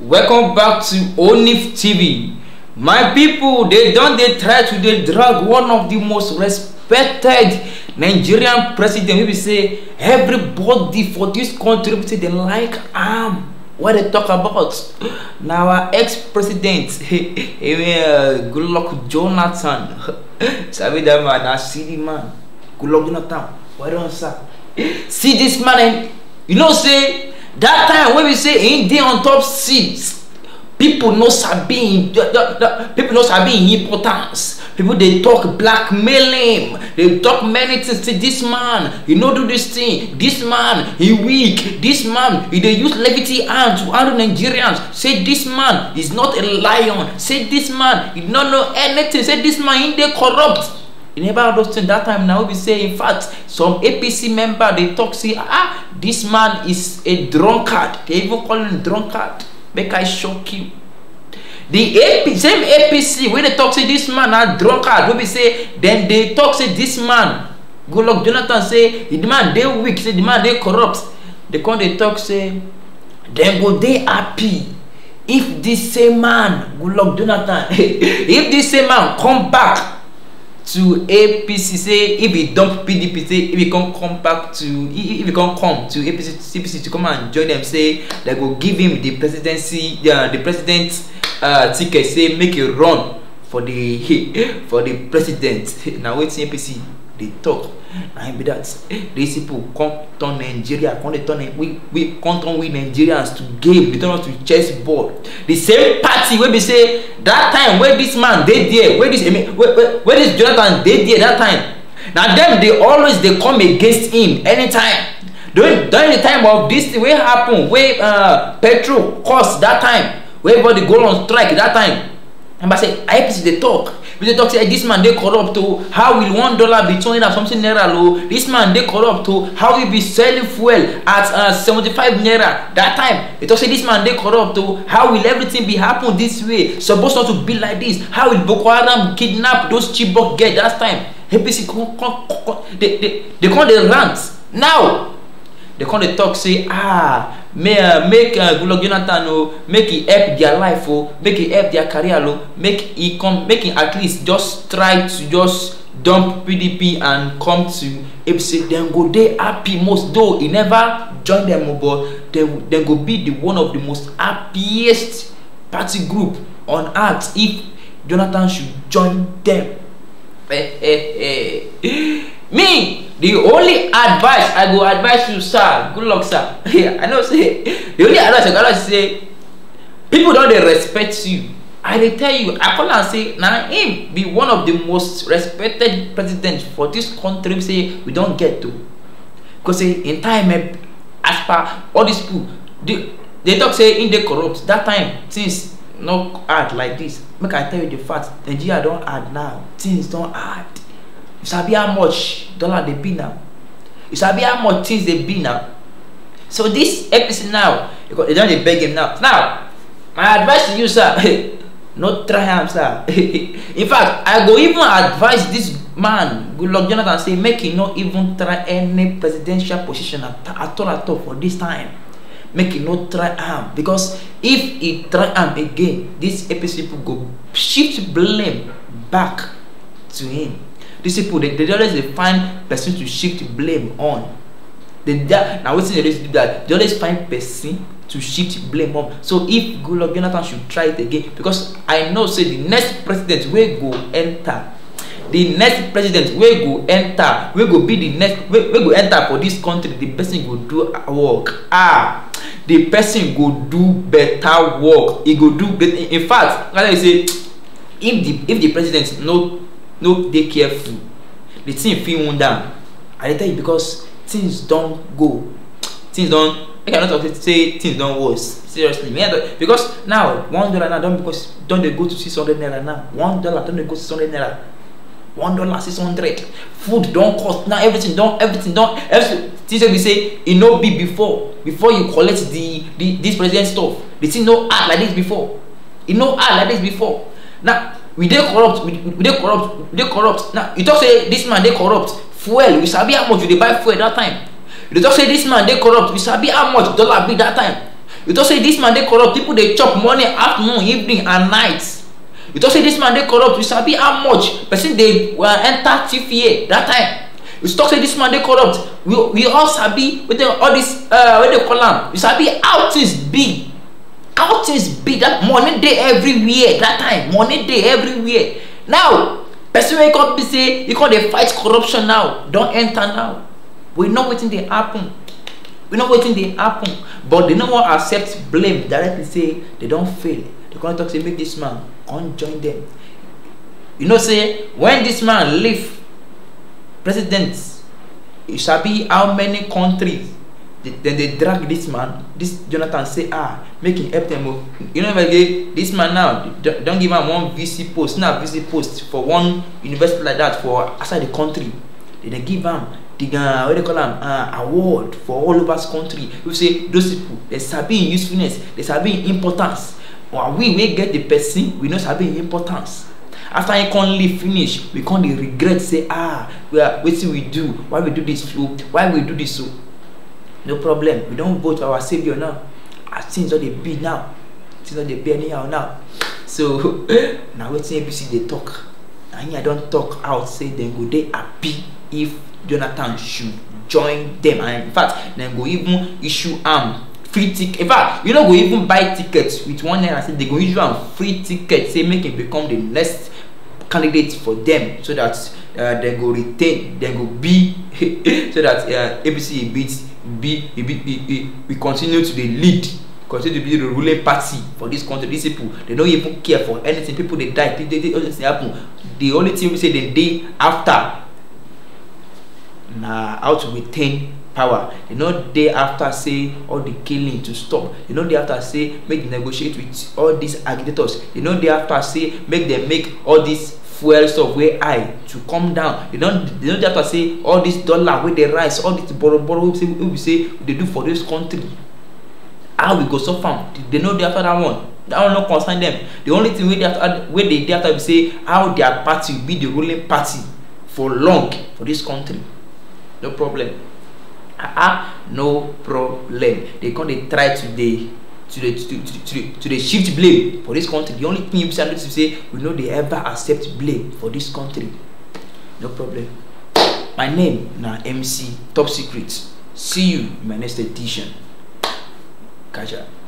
welcome back to onif tv my people they don dey try to dey drag one of the most respected nigerian president wey be say everybody for this country say dem like am wey dey talk about na our ex-president uh, goodluck jonathan sabi dat man na silly man goodluck jonathan why don sack see this man and you know say That time when we say him dey on top seat people no sabi him people no sabi him importance People dey talk blackmail him dey talk many things say this man he no do this thing This man he weak This man he dey use levity hand to handle nigerians say this man is not a lion say this man he no know anything say this man he dey corrupt Enable those things that time now be say in fact some APC member they talk say ah this man is a drunkard they even call him drunkard make I shock you. the AP, same APC when they talk say this man na drunkard wey be say then they talk say this man Goodluck Jonathan say the man dey weak say the man dey corrupt they come dey talk say dem go dey happy if this same man Goodluck Jonathan if this same man come back to APC say if e dump PDP say if e come come back to if e come come to APC CPC to come and join them say they go give him the presidency uh, the president uh, ticket say make a run for the for the president na wetin APC dey talk na im be that these people come turn nigeria come dey turn we we come turn we nigerians to game dey turn us to chess board. the same party wey be say that time wey this man dey there wey this eme wey wey wey this jonathan dey there that time na dem dey always dey come against him anytime during during the time of this thing wey happen wey uh, petrol cost that time wey everybody go on strike that time remember say ipc dey talk we dey talk say this man dey corrupt o how will one dollar be two hundred and something naira o this man dey corrupt o how he be selling fuel at uh, seventy-five naira that time they talk say this man dey corrupt o how will everything be happen this way suppose not to be like this how will boko haram kidnap those chibok get? that time apc come come come dey dey dey come dey rant now dey come dey talk say ah may uh, make uh, goodluck jonathan o oh, make e help their life o oh, make e help their career o oh, make he come make e at least just try to just dump pdp and come to apc dem go dey happy most though He never join dem o but dem dem go be the one of the most happiest party group on earth if jonathan should join dem eh, eh, eh. me the only advice i go advise you sir good luck sir i know say the only advice i go advise say people don dey respect you i dey tell you i call am say na him be one of the most respected president for this country say we don get to because say in time eh, as per all dis people dey talk say him dey corrupt That time things no hard like this. make i tell you the fact nigeria don hard now things don hard you sabi how much dollar dey be now you sabi how much tins dey be now so dis apc now they don dey beg him now now my advice to you sir no try am sir in fact i go even advise dis man goodluck jonathan say make e no even try any presidential position at all at all for dis time make e no try am becos if e try am again dis apc pipo go shift blame back to him Disciple, people, they, they always they find person to shift blame on. They, that, now, what's in the do that? They always find person to shift blame on. So if Goodluck Jonathan should try it again, because I know, say, the next president will go enter the next president wey go enter wey go be the next wey go enter for this country the person go do work ah the person go do better work e go do great in fact like i say if the if the president no no dey careful the thing fit wound am i dey tell you because things don go things don make i no talk say things don worse seriously make i don because now one dollar now don because don dey go to six hundred naira now one dollar don dey go six hundred naira one dollar six hundred food don cost now everything don everything don everything to tins be say e no be before before you collect the the this president stuff the thing no hard like this before e no hard like this before now. we dey corrupt we dey corrupt we dey corrupt now you talk say this man dey corrupt fuel we sabi how much you dey buy fuel that time you talk say this man dey corrupt we sabi how much dollar be that time you talk say this man dey corrupt people dey chop morning afternoon evening and night you talk say this man dey corrupt we sabi how much person dey uh, enter TFA that time You talk say this man dey corrupt we we all sabi wetin all this. uh, wey dey call am we sabi how things be out is that money dey everywhere that time money dey everywhere now person wey come be say e come dey fight corruption now don enter now we know wetin dey happen we know wetin dey happen but they no wan accept blame directly say they don fail they come talk say make this man come join them you know say when this man leave president you sabi how many countries then they drag this man this jonathan say ah make him help them o you know what i mean? this man now don give am one vc post na vc post for one university like that for outside the country Then they give am the uh, what they call am uh, award for all over the country we say those people they sabi him usefulness they sabi him importance or we wey get the person we no sabi him importance after him come leave finish we come dey regret say ah well wetin we do why we do this o why we do this o no problem we don go to our saviour now as things don dey be now things don dey be anyhow now so na wetin ABC dey talk na him i don talk out say dem go dey happy if jonathan should join dem and in fact dem go even issue am free ticket in fact you no go even buy ticket with one naira say dem go issue am free ticket say make im e become the next candidate for dem so that uh, dem go retain dem go be so that uh, apc beat be, be, be, be we continue to the lead continue to be the ruling party for this country these people they don't even care for anything people dey die they they all thing happen the only thing we say the day after na how to retain power they no dey after say all the killing to stop they no dey after say make they negotiate with all these agitators they no dey after say make them make all these fuel stuff wey high to come down You don they don just say all this dollar wey dey rise all this borrow borrow wey we say we dey do for this country how we go solve am they no dey after that one that one no concern them the only thing wey dey after wey dey dey after be say how their party be the ruling party for long for this country no problem ah uh -uh, no problem they come dey try to dey to dey to to to to dey shift blame for this country the only thing you sabi to say we no dey ever accept blame for this country no problem my name na mc top secret see you in my next edition Kaja.